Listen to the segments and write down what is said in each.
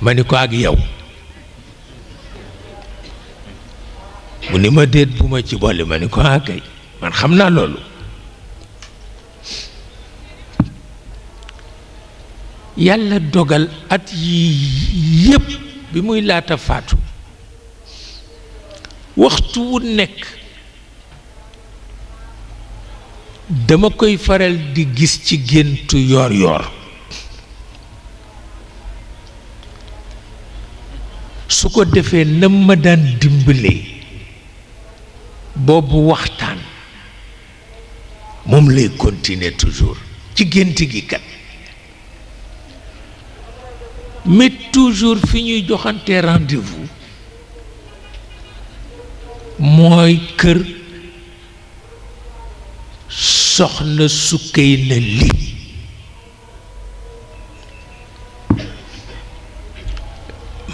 ma ni ko ak yow mu ni ma déet bu ma ci boole ma ni ko ak ah kay man xam naa loolu yàlla dogal at yi yépp bi muy laata faatu waxtu wu nekk dama koy faral di gis ci géntu yoor yoor su ko defee na ma daan dimbalee boobu waxtaan moom lay continuer toujours ci gént gi kat mais toujours fi ñuy joxante rendez mooy kër soxna sukkay na lii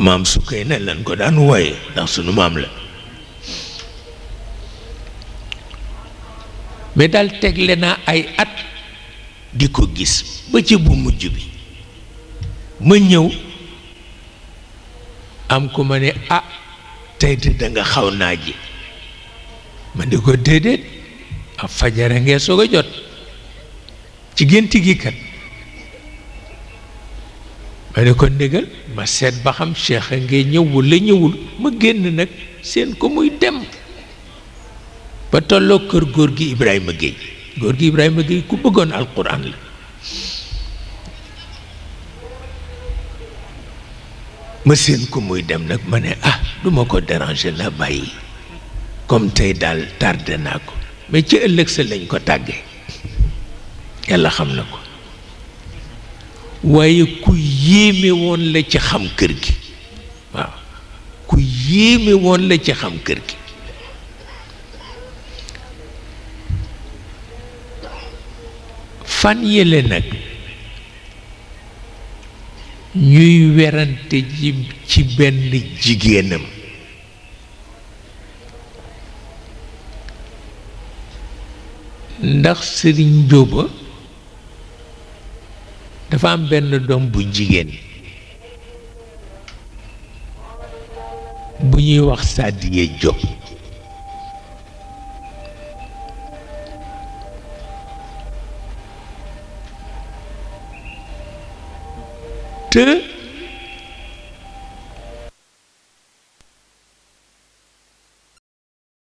maam sukkay ne lan ko daan wooye ndax sunu maam la mais daal tegle naa ay at di ko gis ba ci bu mujj bi ma ñëw am ku ma ne ah tey de danga xaw naa ji ma di ko déedéet ab fajara ngee soog a jot ci gént gi ma ne ko négal ma seet ba xam cheikh a ngee ñëw la ñëwul ma génn nag seen ko muy dem ba tolloo kër góor gi Ibrahima Gueye góor gi Ibrahima Gueye ku bëggoon alquran la ma seen ko muy dem nag ma ne ah duma ko déranger la bàyyi comme tey daal tardé naa ko mais ci ëllëg sa lañ ko tàggee yàlla xam na ko waaye ku yéeme la ci xam kër gi waaw ku yéeme la ci xam kër gi fan yële nag ñuy werante ji ci benn jigéenam ndax sëriñ jóoba dafa am benn doom bu jigéen bu ñuy wax Sadiye Diop te